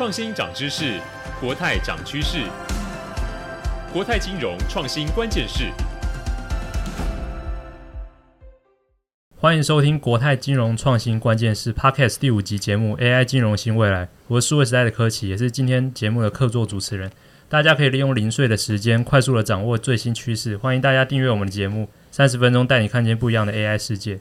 創新漲知識，國泰漲趨勢。國泰金融創新關鍵勢，歡迎收聽國泰金融創新關鍵勢 Podcast 第五集節目 AI 金融新未來。我是數位時代的柯旂，也是今天節目的客座主持人。大家可以利用零碎的時間，快速的掌握最新趨勢。歡迎大家訂閱我們的節目，三十分鐘帶你看見不一樣的 AI 世界。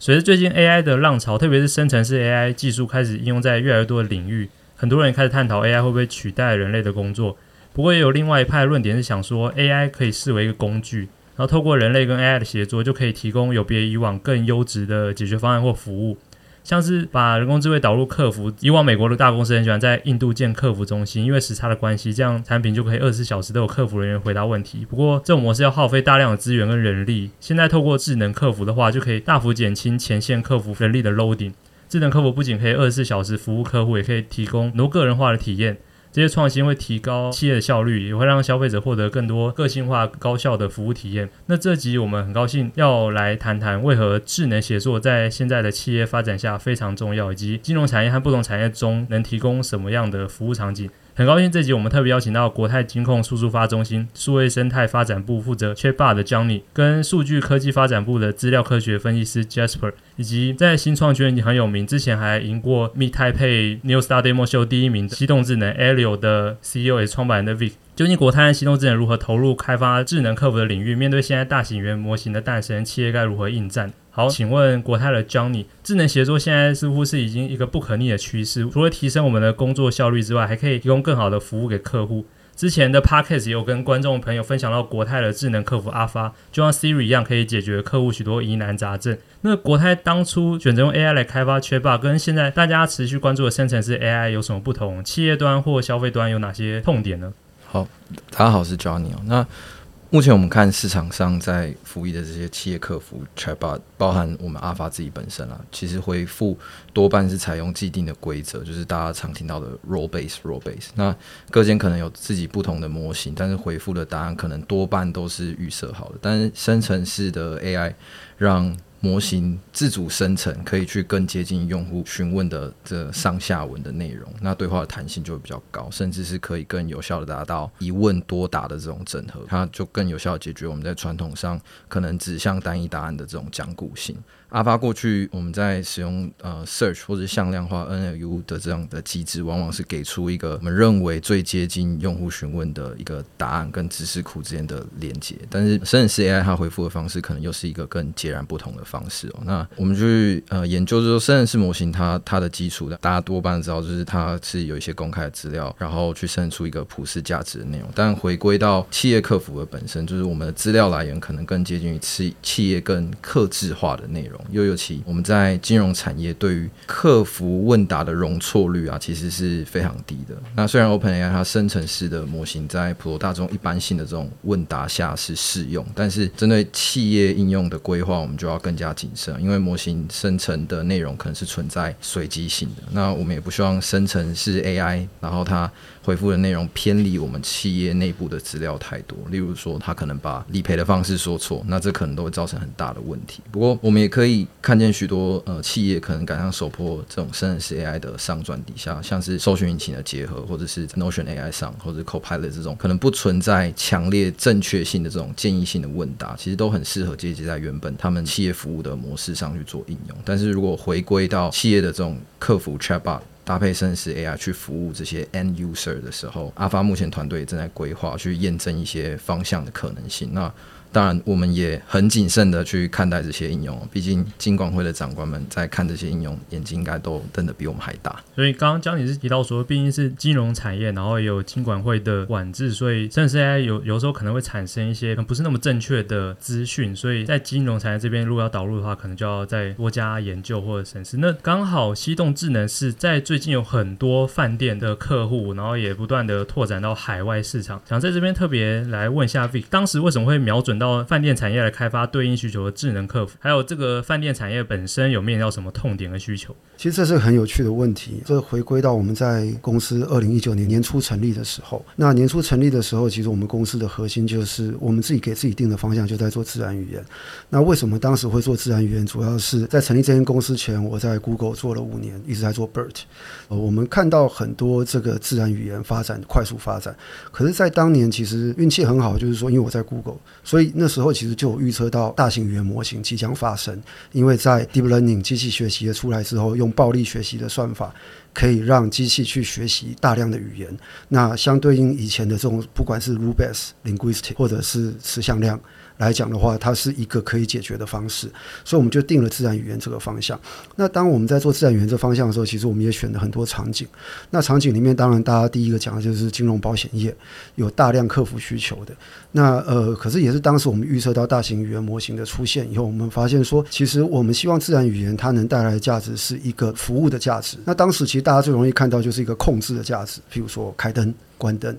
隨着最近 AI 的浪潮，特別是生成式 AI 技術開始應用在越來越多的領域。很多人開始探討 AI 會不會取代人類的工作，不過也有另外一派論點是想說 AI 可以視為一個工具，然後透過人類跟 AI 的協作，就可以提供有別以往更優質的解決方案或服務。像是把人工智慧導入客服，以往美國的大公司很喜歡在印度建客服中心，因為時差的關係，這樣產品就可以二十四小時都有客服人員回答問題。不過這種模式要耗費大量的資源跟人力，現在透過智能客服的話，就可以大幅減輕前線客服人力的 loading。智能客服不僅可以二十四小時服務客戶，也可以提供更多個人化的體驗。這些創新會提高企業的效率，也會讓消費者獲得更多個性化、高效的服務體驗。那這集我們很高興要來談談為何智能協作在現在的企業發展下非常重要，以及金融產業和不同產業中能提供什麼樣的服務場景。很高興這集我們特別邀請到國泰金控數數發中心數位生態發展部負責 Chatbot 的 Johnny 跟數據科技發展部的資料科學分析師 Jasper，以及在新創圈已經很有名，之前還贏過 Meet Taipei Neo Star Demo Show 第一名的犀動智能 Aiello 的 CEO 和創辦人 Vic。究竟國泰和犀動智能如何投入開發智能客服的領域？面對現在大型語言模型的誕生，企業該如何應戰？好，請問國泰的 Johnny，智能協作現在似乎是已經一個不可逆的趨勢，除了提升我們的工作效率之外，還可以提供更好的服務給客戶。之前的 Podcast 也有跟觀眾朋友分享到國泰的智能客服阿發，就像 Siri 一樣，可以解決客戶許多疑難雜症。那國泰當初選擇用 AI 來開發 ChatBot，跟現在大家持續關注的生成式 AI 有什麼不同？企業端或消費端有哪些痛點呢？好，大家好，我是 Johnny 哦，那，目前我們看市場上在服役的這些企業客服 c h t，包含我們阿 a 自己本身啦、啊，其實回復多半是採用既定的規則，就是大家常聽到的 r o l e b a s e r o l e b a s e，那各間可能有自己不同的模型，但是回覆的答案可能多半都是預設好的。但是生成式的 AI 讓模型自主生成，可以去更接近用戶詢問的這上下文的內容，那對話的彈性就會比較高，甚至是可以更有效地達到一問多答的這種整合，它就更有效地解決我們在傳統上可能指向單一答案的這種僵固性。阿發過去我們在使用呃 search 或者向量化 NLU 的這樣的機制，往往是給出一個我們認為最接近用戶詢問的一個答案跟知識庫之間的連接。但是生成式 AI 它回覆的方式可能又是一個更截然不同的方式哦。那我們去呃研究就是說，生成式模型它它的基礎的大家多半知道，就是它是有一些公開的資料，然後去生成出一個普世價值的內容。但回歸到企業客服的本身，就是我們的資料來源可能更接近於企企業更客製化的內容。又尤其我們在金融產業對於客服問答的容錯率啊，其實是非常低的。那雖然 OpenAI 它，生成式的模型在普羅大眾一般性的這種問答下是適用，但是針對企業應用的規劃，我們就要更加謹慎，因為模型生成的內容可能是存在隨機性的。那我們也不希望生成式 AI，然後它。回復的內容偏離我們企業內部的資料太多，例如說他可能把理賠的方式說錯，那這可能都會造成很大的問題。不過我們也可以看見許多呃企業可能趕上首波這種生成式 AI 的上轉底下，像是搜尋引擎的結合，或者是 Notion AI 上，或者 Copilot 這種可能不存在強烈正確性的這種建議性的問答，其實都很適合借機在原本他們企業服務的模式上去做應用。但是如果回歸到企業的這種客服 Chatbot，搭配生成式 AI 去服務這些 end user 的時候，阿發目前團隊正在規劃去驗證一些方向的可能性。那當然，我們也很謹慎的去看待這些應用。畢竟，金管會的長官們在看這些應用，眼睛應該都瞪得比我們還大。所以，剛剛 Jasper 提到說，畢竟是金融產業，然後也有金管會的管制，所以甚至現在有有時候可能會產生一些可能不是那麼正確的資訊。所以在金融產業這邊，如果要導入的話，可能就要再多加研究或者審視。那剛好犀動智能是在最近有很多飯店的客戶，然後也不斷的拓展到海外市場。想在這邊特別來問一下 Vic，當時為什麼會瞄準？到飯店產業來開發對應需求的智能客服，還有這個飯店產業本身有面臨到什麼痛點和需求？其實這是很有趣的問題。這回歸到我們在公司二零一九年年初成立的時候，那年初成立的時候，其實我們公司的核心就是我們自己給自己定的方向，就在做自然語言。那為什麼當時會做自然語言？主要是在成立這間公司前，我在 Google 做了五年，一直在做 BERT。呃，我們看到很多這個自然語言發展快速發展，可是，在當年其實運氣很好，就是說，因為我在 Google，所以。那時候其實就有預測到大型語言模型即將發生，因為在 deep learning 機器學習出來之後，用暴力學習的算法可以讓機器去學習大量的語言，那相對應以前的這種不管是 rule based linguistics 或者是詞向量。來講的話，它是一個可以解決的方式，所以我們就定了自然語言這個方向。那當我們在做自然語言這個方向的時候，其實我們也選了很多場景。那場景裡面，當然大家第一個講的就是金融保險業有大量客服需求的。那呃，可是也是當時我們預測到大型語言模型的出現以後，我們發現說，其實我們希望自然語言它能帶來的價值是一個服務的價值。那當時其實大家最容易看到就是一個控制的價值，譬如說開燈、關燈。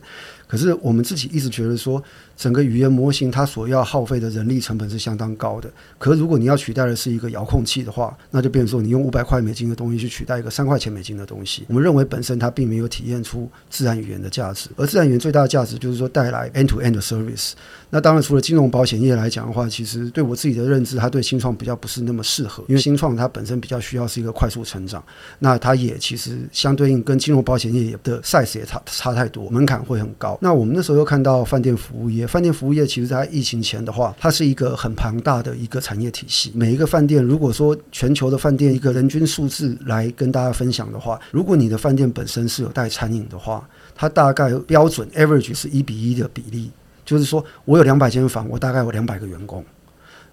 可是我們自己一直覺得說，整個語言模型它所要耗費的人力成本是相當高的，可如果你要取代的是一個遙控器的話，那就變成說你用五百塊美金的東西去取代一個三塊錢美金的東西。我們認為本身它並沒有體現出自然語言的價值，而自然語言最大的價值就是說帶來 end to end service。那當然除了金融保險業來講的話，其實對我自己的認知，它對新創比較不是那麼適合，因為新創它本身比較需要是一個快速成長，那它也其實相對應跟金融保險業的 size 也差差太多，門檻會很高。那我們那時候又看到飯店服務業。飯店服務業其實，在疫情前的話，它是一個很龐大的一個產業體系。每一個飯店，如果說全球的飯店一個人均數字來跟大家分享的話，如果你的飯店本身是有帶餐飲的話，它大概標準 average 是一比一的比例，就是說我有兩百間房，我大概有兩百個員工。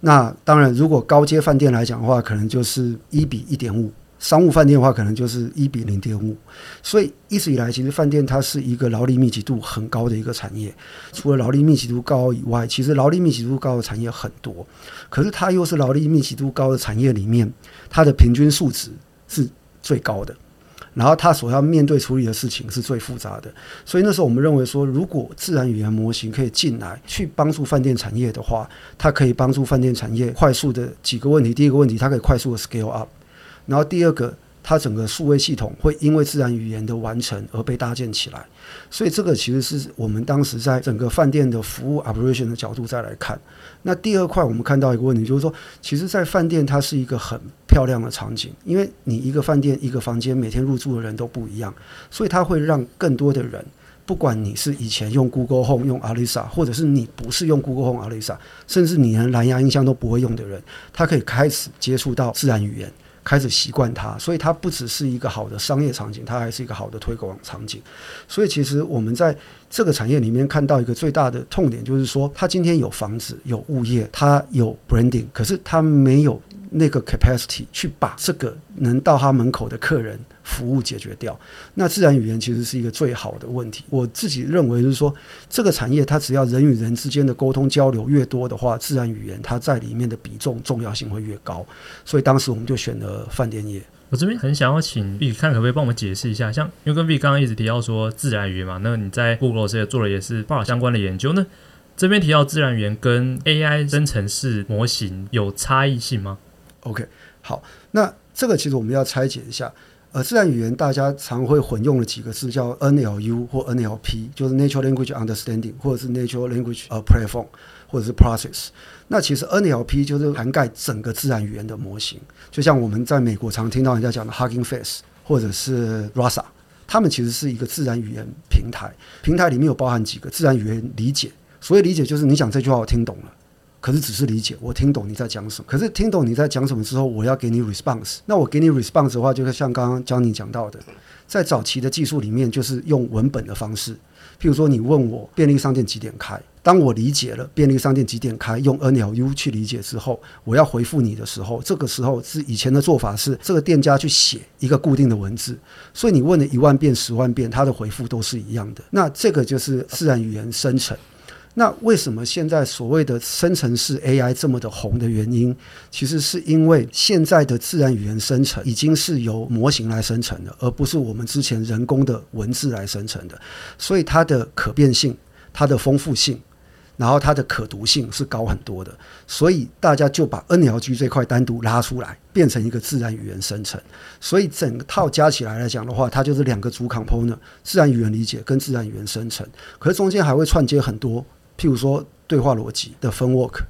那當然，如果高階飯店來講的話，可能就是一比一點五。商務飯店的話，可能就是一比零點五，所以一直以來，其實飯店它是一個勞力密集度很高的一個產業。除了勞力密集度高以外，其實勞力密集度高的產業很多，可是它又是勞力密集度高的產業裡面，它的平均數值是最高的，然後它所要面對處理的事情是最複雜的。所以那時候我們認為說，如果自然語言模型可以進來去幫助飯店產業的話，它可以幫助飯店產業快速的幾個問題。第一個問題，它可以快速的 scale up。然後第二個，它整個數位系統會因為自然語言的完成而被搭建起來，所以這個其實是我們當時在整個飯店的服務 operation 的角度再來看。那第二塊，我們看到一個問題，就是說，其實，在飯店它是一個很漂亮的場景，因為你一個飯店一個房間每天入住的人都不一樣，所以它會讓更多的人，不管你是以前用 Google Home、用 Alexa，或者是你不是用 Google Home、Alexa，甚至你連藍牙音箱都不會用的人，他可以開始接觸到自然語言。開始習慣它，所以它不只是一個好的商業場景，它還是一個好的推廣場景。所以其實我們在這個產業裡面看到一個最大的痛點，就是說它今天有房子，有物業，它有 branding，可是它沒有那個 capacity 去把這個能到他門口的客人服務解決掉，那自然語言其實是一個最好的問題。我自己認為就是說，這個產業它只要人與人之間的溝通交流越多的話，自然語言它在裡面的比重重要性會越高。所以當時我們就選了飯店業。我這邊很想要請 Vic 看可不可以幫我們解釋一下，像因為跟 Vic 剛剛一直提到說自然語言嘛，那你在 Google 也做了也是法相關的研究呢，那這邊提到自然語言跟 AI 生成式模型有差異性嗎？OK，好，那這個其實我們要拆解一下。呃，自然語言大家常會混用的幾個字叫 NLU 或 NLP，就是 Natural Language Understanding，或者是 Natural Language 呃 Platform，或者是 Process。那其實 NLP 就是涵蓋整個自然語言的模型。就像我們在美國常常聽到人家講的 Hugging Face 或者是 Rasa，他們其實是一個自然語言平台，平台裡面有包含幾個自然語言理解。所以理解，就是你講這句話，我聽懂了。可是只是理解，我聽懂你在講什麼。可是聽懂你在講什麼之後，我要給你 response。那我給你 response 的話，就是像剛剛講你講到的，在早期的技術裡面，就是用文本的方式。譬如說，你問我便利商店幾點開，當我理解了便利商店幾點開，用 NLU 去理解之後，我要回覆你的時候，這個時候是以前的做法是這個店家去寫一個固定的文字，所以你問了一萬遍、十萬遍，他的回覆都是一樣的。那這個就是自然語言生成。那為什麼現在所謂的生成式 AI 這麼的紅的原因，其實是因為現在的自然語言生成已經是由模型來生成的，而不是我們之前人工的文字來生成的，所以它的可變性、它的豐富性，然後它的可讀性是高很多的，所以大家就把 NLG 這塊單獨拉出來，變成一個自然語言生成，所以整套加起來來講的話，它就是兩個主 component：自然語言理解跟自然語言生成，可是中間還會串接很多。譬如說對話邏輯的 framework，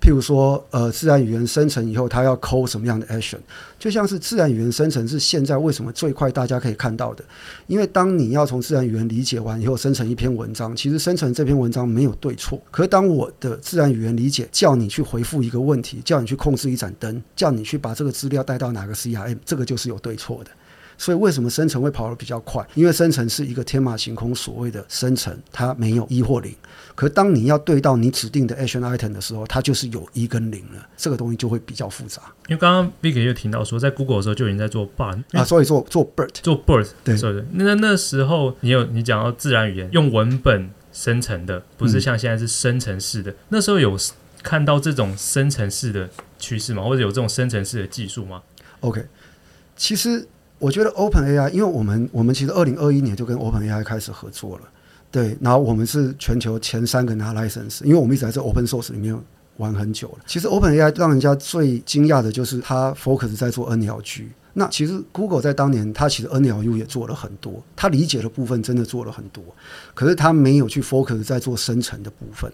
譬如說呃自然語言生成以後，它要 call 什麼樣的 action，就像是自然語言生成是現在為什麼最快大家可以看到的，因為當你要從自然語言理解完以後生成一篇文章，其實生成這篇文章沒有對錯，可當我的自然語言理解叫你去回覆一個問題，叫你去控制一盞燈，叫你去把這個資料帶到哪個 CRM，這個就是有對錯的。所以為什麼生成會跑得比較快？因為生成是一個天馬行空所，所謂的生成它沒有一或零。可是當你要對到你指定的 action item 的時候，它就是有一跟零了。這個東西就會比較複雜。因為剛剛 Vic 又提到說，在 Google 的時候就已經在做 Bart、嗯、啊，所以做做 Bert 做 Bert 對，是不是？那那時候你有你講到自然語言用文本生成的，不是像現在是生成式的。嗯、那時候有看到這種生成式的趨勢嗎？或者有這種生成式的技術嗎？OK，其實。我覺得 OpenAI，因為我們我們其實二零二一年就跟 OpenAI 開始合作了，對，然後我們是全球前三個拿 license，因為我們一直在這 Open Source 裡面玩很久了。其實 OpenAI 讓人家最驚訝的就是他 focus 在做 NLG。那其實，Google 在當年，它其實 NLU 也做了很多，它理解的部分真的做了很多，可是它沒有去 focus 在做生成的部分，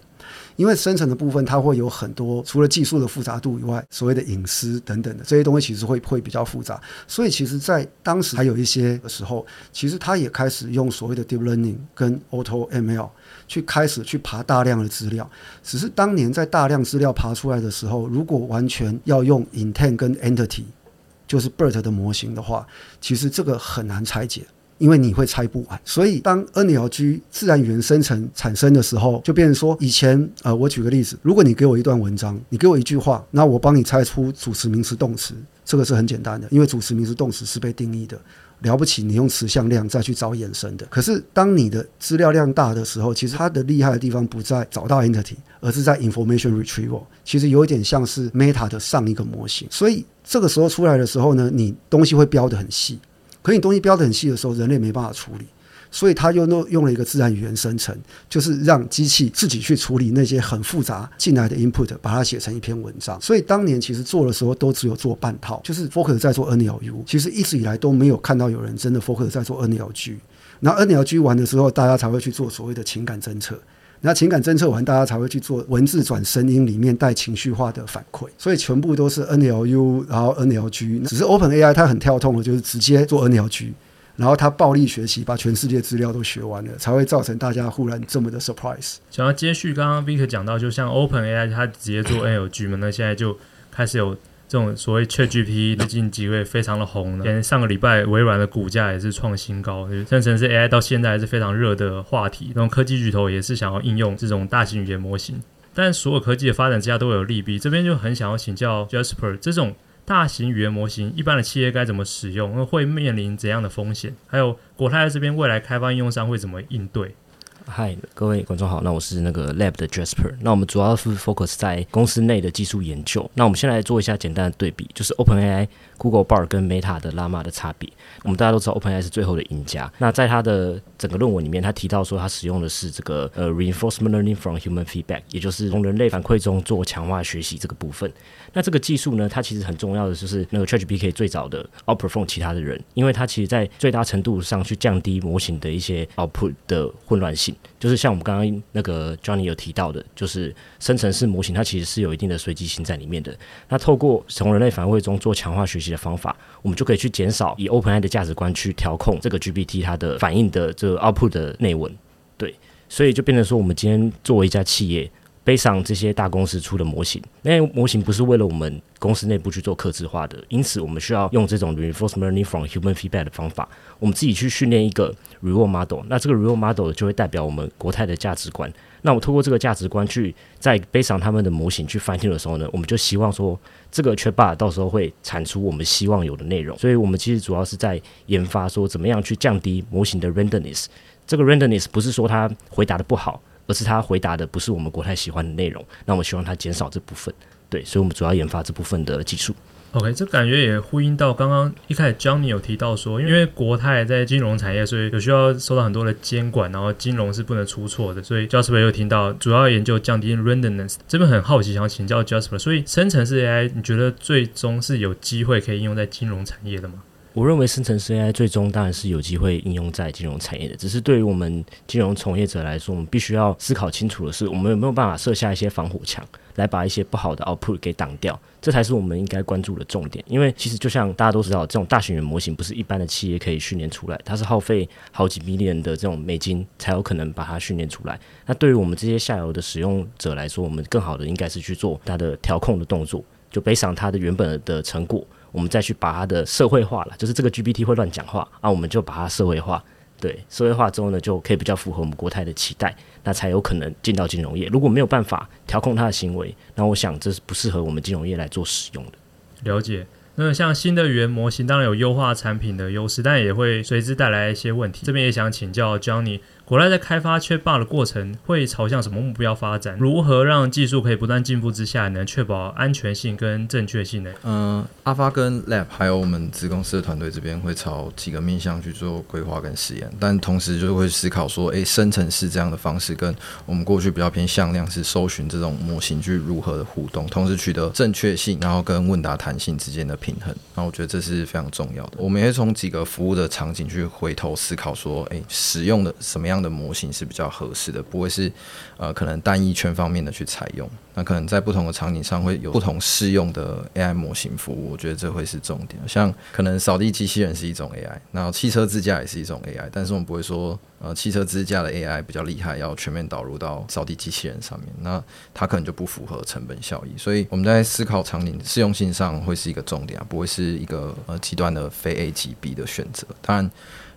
因為生成的部分它會有很多，除了技術的複雜度以外，所謂的隱私等等的這些東西，其實會會比較複雜。所以其實在當時還有一些時候，其實它也開始用所謂的 Deep Learning 跟 Auto ML 去開始去爬大量的資料，只是當年在大量資料爬出來的時候，如果完全要用 Intent 跟 Entity。就是 BERT 的模型的話，其實這個很難拆解，因為你會拆不完。所以當 NLG 自然語言生成產生的時候，就變成說，以前呃，我舉個例子，如果你給我一段文章，你給我一句話，那我幫你拆出主詞、名詞、動詞，這個是很簡單的，因為主詞、名詞、動詞是被定義的。了不起，你用詞向量再去找衍生的。可是當你的資料量大的時候，其實它的厲害的地方不在找到 entity，而是在 information retrieval。其實有一點像是 meta 的上一個模型。所以這個時候出來的時候呢，你東西會標得很細。可你東西標得很細的時候，人類沒辦法處理。所以他又用用了一個自然語言生成，就是讓機器自己去處理那些很複雜進來的 input，把它寫成一篇文章。所以當年其實做的時候都只有做半套，就是 focus 在做 NLU，其實一直以來都沒有看到有人真的 focus 在做 NLG。那 NLG 完的時候，大家才會去做所謂的情感偵測，那情感偵測完，大家才會去做文字轉聲音裡面帶情緒化的反饋。所以全部都是 NLU，然後 NLG，只是 OpenAI 它很跳痛，就是直接做 NLG。然後他暴力學習，把全世界資料都學完了，才會造成大家忽然這麼的 surprise。想要接續剛剛 Vic 講到，就像 Open AI 它直接做 NLG 嘛，那 現在就開始有這種所謂 ChatGPT，最近幾個月非常的紅，連上個禮拜微軟的股價也是創新高是，甚至是 AI 到現在還是非常熱的話題。然後科技巨頭也是想要應用這種大型語言模型，但所有科技的發展之下都有利弊。這邊就很想要請教 Jasper 這種。大型語言模型，一般的企業該怎麼使用？那會面臨怎樣的風險？還有國泰這邊未來開發應用商會怎麼應對？嗨，各位觀眾好，那我是那個 Lab 的 Jasper，那我們主要是 focus 在公司內的技術研究。那我們先來做一下簡單的對比，就是 OpenAI。Google Bard 跟 Meta 的拉瑪的差別，我們大家都知道 OpenAI 是最後的贏家。那在他的整個論文裡面，他提到說他使用的是這個呃 Reinforcement Learning from Human Feedback，也就是從人類反饋中做強化學習這個部分。那這個技術呢，它其實很重要的就是那個 ChatGPT 最早的 outperform 其他的人，因為它其實，在最大程度上去降低模型的一些 output 的混亂性。就是像我們剛剛那個 Johnny 有提到的，就是生成式模型它其實是有一定的隨機性在裡面的。那透過從人類反饋中做強化學習。的方法，我們就可以去減少以 OpenAI 的價值觀去調控這個 GPT 它的反應的這個 Output 的內文。對，所以就變成說，我們今天作為一家企業背上這些大公司出的模型，那模型不是為了我們公司內部去做客製化的，因此我們需要用這種 reinforcement learning from human feedback 的方法，我們自己去訓練一個 reward model。那這個 reward model 就會代表我們國泰的價值觀。那我通過這個價值觀去在背上他們的模型去翻新的時候呢，我們就希望說這個缺 h b 到時候會產出我們希望有的內容。所以我們其實主要是在研發說怎麼樣去降低模型的 Renderness。這個 Renderness 不是說它回答的不好，而是它回答的不是我們國泰喜歡的內容。那我們希望它減少這部分。對，所以我們主要研發這部分的技術。OK，這感覺也呼應到剛剛一開始 Johnny 有提到說，因為國泰在金融產業，所以有需要受到很多的監管，然後金融是不能出錯的。所以 Jasper 又聽到主要研究降低 randomness，這邊很好奇想要請教 Jasper，所以生成式 AI 你覺得最終是有機會可以應用在金融產業的嗎？我認為生成 AI 最終當然是有機會應用在金融產業的，只是對於我們金融從業者來說，我們必須要思考清楚的是，我們有沒有辦法設下一些防火牆，來把一些不好的 output 給擋掉，這才是我們應該關注的重點。因為其實就像大家都知道，這種大型語言模型不是一般的企業可以訓練出來，它是耗費好幾 million 的這種美金才有可能把它訓練出來。那對於我們這些下游的使用者來說，我們更好的應該是去做它的調控的動作，就背上它的原本的成果。我們再去把它的社會化了，就是這個 GPT 會亂講話啊，我們就把它社會化，對，社會化之後呢，就可以比較符合我們國泰的期待，那才有可能進到金融業。如果沒有辦法調控它的行為，那我想這是不適合我們金融業來做使用的。了解。那像新的語言模型，當然有優化產品的優勢，但也會隨之帶來一些問題。這邊也想請教 Johnny。我來在開發缺 h 的過程會朝向什麼目標發展？如何讓技術可以不斷進步之下，能確保安全性跟正確性呢？嗯、呃，阿發跟 Lab 還有我們子公司的團隊這邊會朝幾個面向去做規劃跟實驗，但同時就會思考說：誒、欸，生成式這樣的方式跟我們過去比較偏向量是搜尋這種模型去如何的互動，同時取得正確性，然後跟問答彈性之間的平衡。那我覺得這是非常重要的。我們也從幾個服務的場景去回頭思考說：誒、欸，使用的什麼樣？的模型是比較合適的，不會是呃可能單一全方面的去採用。那可能在不同的場景上會有不同適用的 AI 模型服務，我覺得這會是重點。像可能掃地機器人是一種 AI，那汽車自駕也是一種 AI，但是我們不會說呃汽車自駕的 AI 比較厲害，要全面導入到掃地機器人上面，那它可能就不符合成本效益。所以我們在思考場景適用性上會是一個重點啊，不會是一個呃極端的非 A 即 B 的選擇。當然。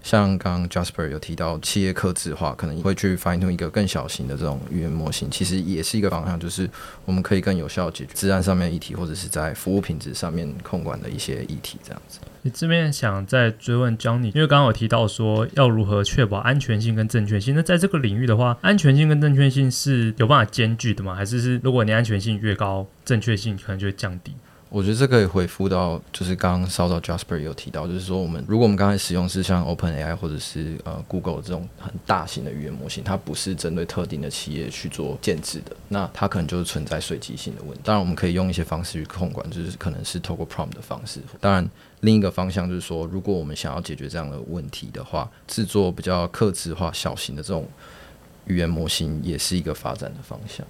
像剛剛 Jasper 有提到企業客製化，可能會去 find 一個更小型的這種語言模型，其實也是一個方向，就是我們可以更有效的解決資安上面的議題，或者是在服務品質上面控管的一些議題，這樣子。你這邊想再追問 Johnny，因為剛剛有提到說要如何確保安全性跟正確性，那在這個領域的話，安全性跟正確性是有辦法兼具的嗎？還是是如果你安全性越高，正確性可能就會降低？我覺得這可以回復到，就是剛剛稍早 Jasper 有提到，就是說我們如果我們剛才使用是像 OpenAI 或者是呃 Google 這種很大型的語言模型，它不是針對特定的企業去做建制的，那它可能就是存在隨機性的問題。當然，我們可以用一些方式去控管，就是可能是透過 Prompt 的方式。當然，另一個方向就是說，如果我們想要解決這樣的問題的話，制作比較客製化、小型的這種語言模型，也是一個發展的方向。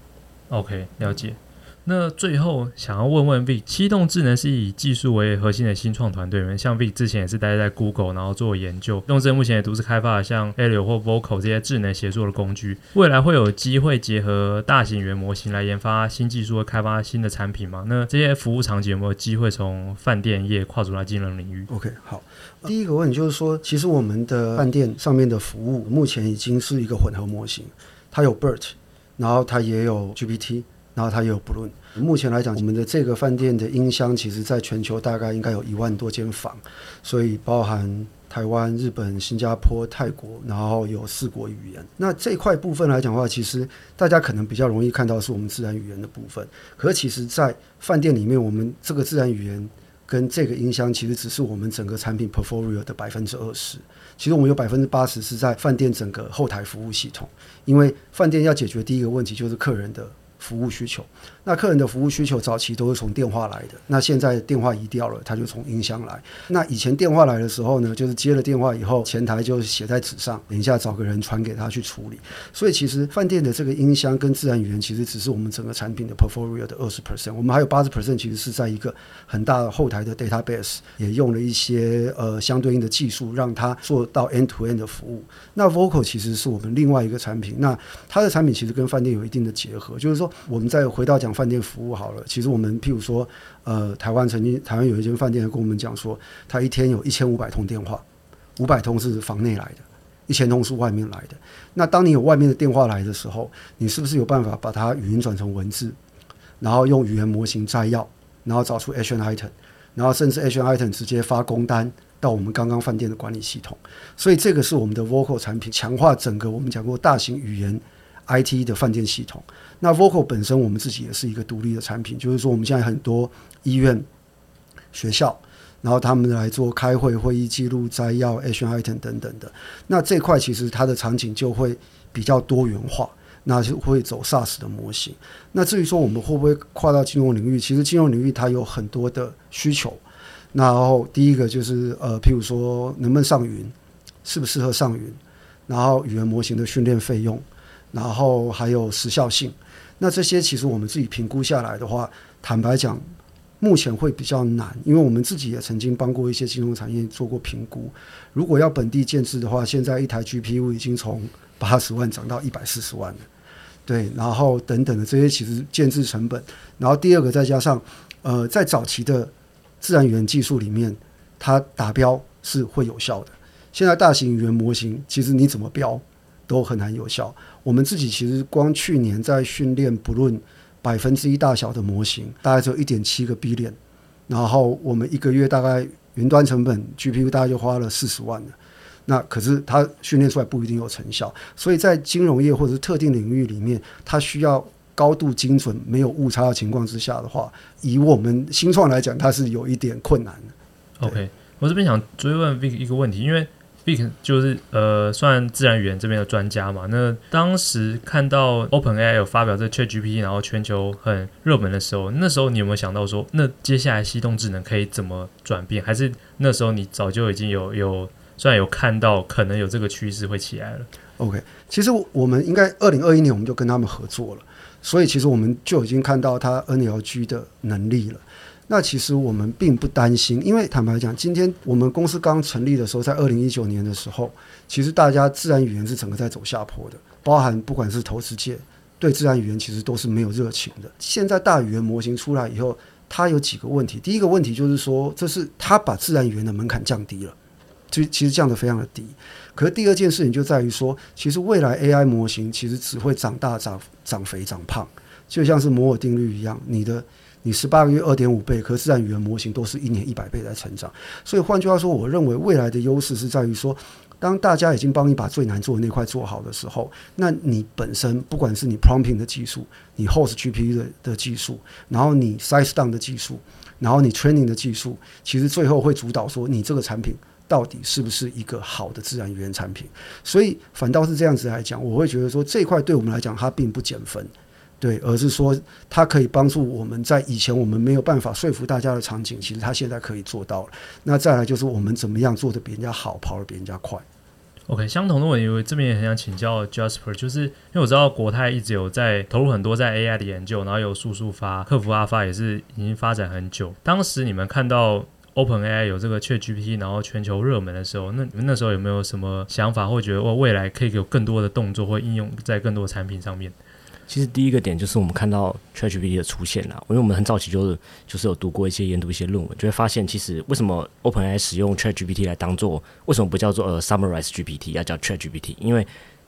OK，了解。那最後想要問問 Vic，犀動智能是以技術為核心的新創團隊像 Vic 之前也是待在 Google，然後做研究。犀動目前也都是開發了像 AI 或 Vocal 這些智能協作的工具。未來會有機會結合大型語言模型來研發新技術和開發新的產品嗎？那這些服務場景有沒有機會從飯店業跨進來進入到金融領域？OK，好。呃、第一個問題就是說，其實我們的飯店上面的服務目前已經是一個混合模型，它有 BERT，然後它也有 GPT 然後它也有不論。目前來講，我們的這個飯店的音箱，其實在全球大概應該有一萬多間房，所以包含台灣、日本、新加坡、泰國，然後有四國語言。那這一塊部分來講的話，其實大家可能比較容易看到是我們自然語言的部分。可是其實，在飯店裡面，我們這個自然語言跟這個音箱，其實只是我們整個產品 Portfolio 的百分之二十。其實我們有百分之八十是在飯店整個後台服務系統，因為飯店要解決第一個問題就是客人的。服務需求，那客人的服務需求早期都是從電話來的，那現在電話移掉了，他就從音箱來。那以前電話來的時候呢，就是接了電話以後，前台就寫在紙上，等一下找個人傳給他去處理。所以其實飯店的這個音箱跟自然語言其實只是我們整個產品的 portfolio 的二十 percent，我們還有八十 percent 其實是在一個很大的後台的 database，也用了一些呃相對應的技術，讓它做到 end to end 的服務。那 Vocal 其實是我們另外一個產品，那它的產品其實跟飯店有一定的結合，就是說。我們再回到講飯店服務好了，其實我們譬如說，呃，台灣曾經台灣有一間飯店跟我們講說，他一天有一千五百通電話，五百通是房內來的，一千通是外面來的。那當你有外面的電話來的時候，你是不是有辦法把它語音轉成文字，然後用語言模型摘要，然後找出 action item，然後甚至 action item 直接發工單到我們剛剛飯店的管理系統。所以這個是我們的 Vocal 產品強化整個我們講過大型語言。I T 的飯店系統，那 Vocal 本身，我們自己也是一個獨立的產品，就是說，我們現在很多醫院、學校，然後他們來做開會、會議記錄、摘要、action item 等等的。那這塊其實它的場景就會比較多元化，那就會走 SaaS 的模型。那至於說我們會不會跨到金融領域？其實金融領域它有很多的需求。那然後第一個就是呃，譬如說能不能上雲，適不適合上雲？然後語言模型的訓練費用。然後還有時效性，那這些其實我們自己評估下來的話，坦白講，目前會比較難，因為我們自己也曾經幫過一些金融產業做過評估。如果要本地建制的話，現在一台 GPU 已經從八十萬漲到一百四十萬了，對，然後等等的這些其實建制成本。然後第二個，再加上呃，在早期的自然語言技術裡面，它打標是會有效的。現在大型語言模型，其實你怎麼標？都很難有效。我們自己其實光去年在訓練，不論百分之一大小的模型，大概只有一點七個 billion，然後我們一個月大概雲端成本 G P U 大概就花了四十萬了，那可是它訓練出來不一定有成效，所以在金融業或者是特定領域裡面，它需要高度精準、沒有誤差的情況之下的話，以我們新創來講，它是有一點困難的。OK，我這邊想追問一個問題，因為。Vic 就是呃算是自然語言這邊的專家嘛。那當時看到 OpenAI 有發表這個 ChatGPT，然後全球很熱門的時候，那時候你有沒有想到說，那接下來犀動智能可以怎麼轉變？還是那時候你早就已經有有算、有看到可能有這個趨勢會起來了？OK，其實我們應該二零二一年我們就跟他們合作了，所以其實我們就已經看到它 NLG 的能力了。那其實我們並不擔心，因為坦白講，今天我們公司剛成立的時候，在二零一九年的時候，其實大家自然語言是整個在走下坡的，包含不管是投資界對自然語言其實都是沒有熱情的。現在大語言模型出來以後，它有幾個問題。第一個問題就是說，這是它把自然語言的門檻降低了，就其實降得非常的低。可是第二件事情就在於說，其實未來 AI 模型其實只會長大、長長肥、長胖，就像是摩爾定律一樣，你的。你十八個月二點五倍，可是自然語言模型都是一年一百倍在成長。所以換句話說，我認為未來的優勢是在於說，當大家已經幫你把最難做的那塊做好的時候，那你本身不管是你 prompting 的技術，你 host GPU 的的技術，然後你 size down 的技術，然後你 training 的技術，其實最後會主導說你這個產品到底是不是一個好的自然語言產品。所以反倒是這樣子來講，我會覺得說這塊對我們來講它並不減分。對，而是說它可以幫助我們在以前我們沒有辦法說服大家的場景，其實它現在可以做到了。那再來就是我們怎麼樣做得比人家好，跑得比人家快。OK，相同的，我以為這邊也很想請教 Jasper，就是因為我知道國泰一直有在投入很多在 AI 的研究，然後有數數發客服阿發，也是已經發展很久。當時你們看到 OpenAI 有這個 ChatGPT，然後全球熱門的時候，那你們那時候有沒有什麼想法，或覺得哦，未來可以有更多的動作或應用在更多的產品上面？其實第一個點就是我們看到 ChatGPT 的出現啊，因為我們很早期就是就是有讀過一些研讀一些論文，就會發現其實為什麼 OpenAI 使用 ChatGPT 來當做為什麼不叫做呃 Summarize GPT 要叫 ChatGPT？因為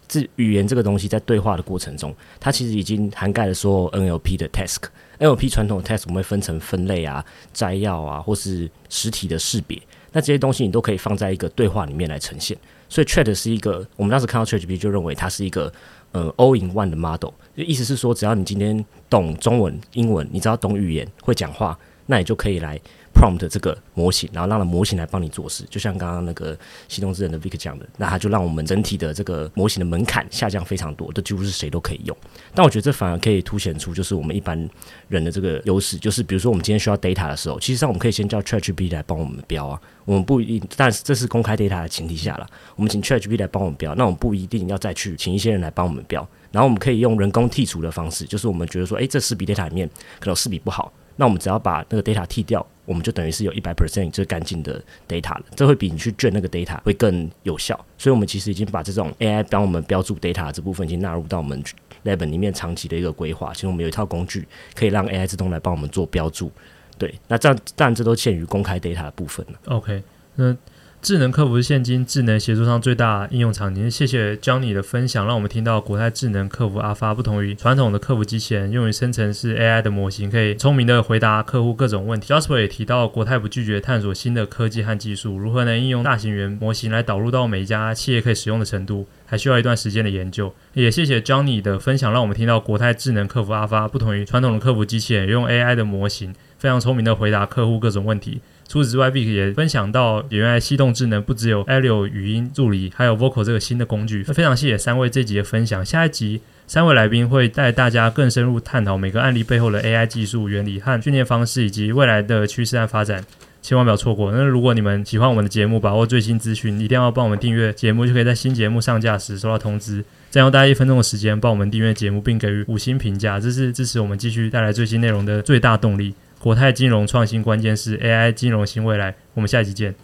這語言這個東西在對話的過程中，它其實已經涵蓋了說 NLP 的 task，NLP 傳統的 task 我們會分成分類啊、摘要啊，或是實體的識別。那這些東西你都可以放在一個對話裡面來呈現，所以 Chat 是一個，我們當時看到 ChatGPT 就認為它是一個呃 All in One 的 model，意思是說只要你今天懂中文、英文，你只要懂語言會講話，那你就可以來 prompt 這個模型，然後讓了模型來幫你做事，就像剛剛那個犀動智能的 Vic 講的，那它就讓我們整體的這個模型的門檻下降非常多，都幾乎是誰都可以用。但我覺得這反而可以凸顯出就是我們一般人的這個優勢，就是比如說我們今天需要 data 的時候，其實上我們可以先叫 ChatGPT 來幫我們標啊，我們不一定，但是這是公開 data 的前提下了，我們請 ChatGPT 來幫我們標，那我們不一定要再去請一些人來幫我們標，然後我們可以用人工剔除的方式，就是我們覺得說，誒，這四筆 data 裡面可能四筆不好。那我們只要把那個 data 剔掉，我們就等於是有一百 percent 最乾淨的 data 了。這會比你去卷那個 data 會更有效。所以，我們其實已經把這種 AI 幫我們標註 data 這部分，已經納入到我們 lab 裡面長期的一個規劃。其實我們有一套工具，可以讓 AI 自動來幫我們做標註。對，那這樣當然這都限於公開 data 的部分了。OK，那。智能客服是現今智能協作上最大的應用場景。謝謝 Johnny 的分享，讓我們聽到國泰智能客服阿發不同於傳統的客服機器人，用於生成式 AI 的模型，可以聰明地回答客戶各種問題。Jasper 也提到，國泰不拒絕探索新的科技和技術，如何能應用大型語言模型來導入到每一家企業可以使用的程度，還需要一段時間的研究。也謝謝 Johnny 的分享，讓我們聽到國泰智能客服阿發不同於傳統的客服機器人，用 AI 的模型。非常聰明的回答客戶各種問題。除此之外，Vic 也分享到，原來犀動智能不只有 Aiello 語音助理，還有 Vocal 這個新的工具。非常謝謝三位這集的分享。下一集，三位來賓會帶大家更深入探討每個案例背後的 AI 技術原理和訓練方式，以及未來的趨勢和發展，千萬不要錯過。那如果你們喜歡我們的節目，把握最新資訊，一定要幫我們訂閱節目，就可以在新節目上架時收到通知。佔用大家一分鐘的時間，幫我們訂閱節目並給予五星評價，這是支持我們繼續帶來最新內容的最大動力。國泰金融創新，關鍵勢 AI 金融新未來。我們下期見。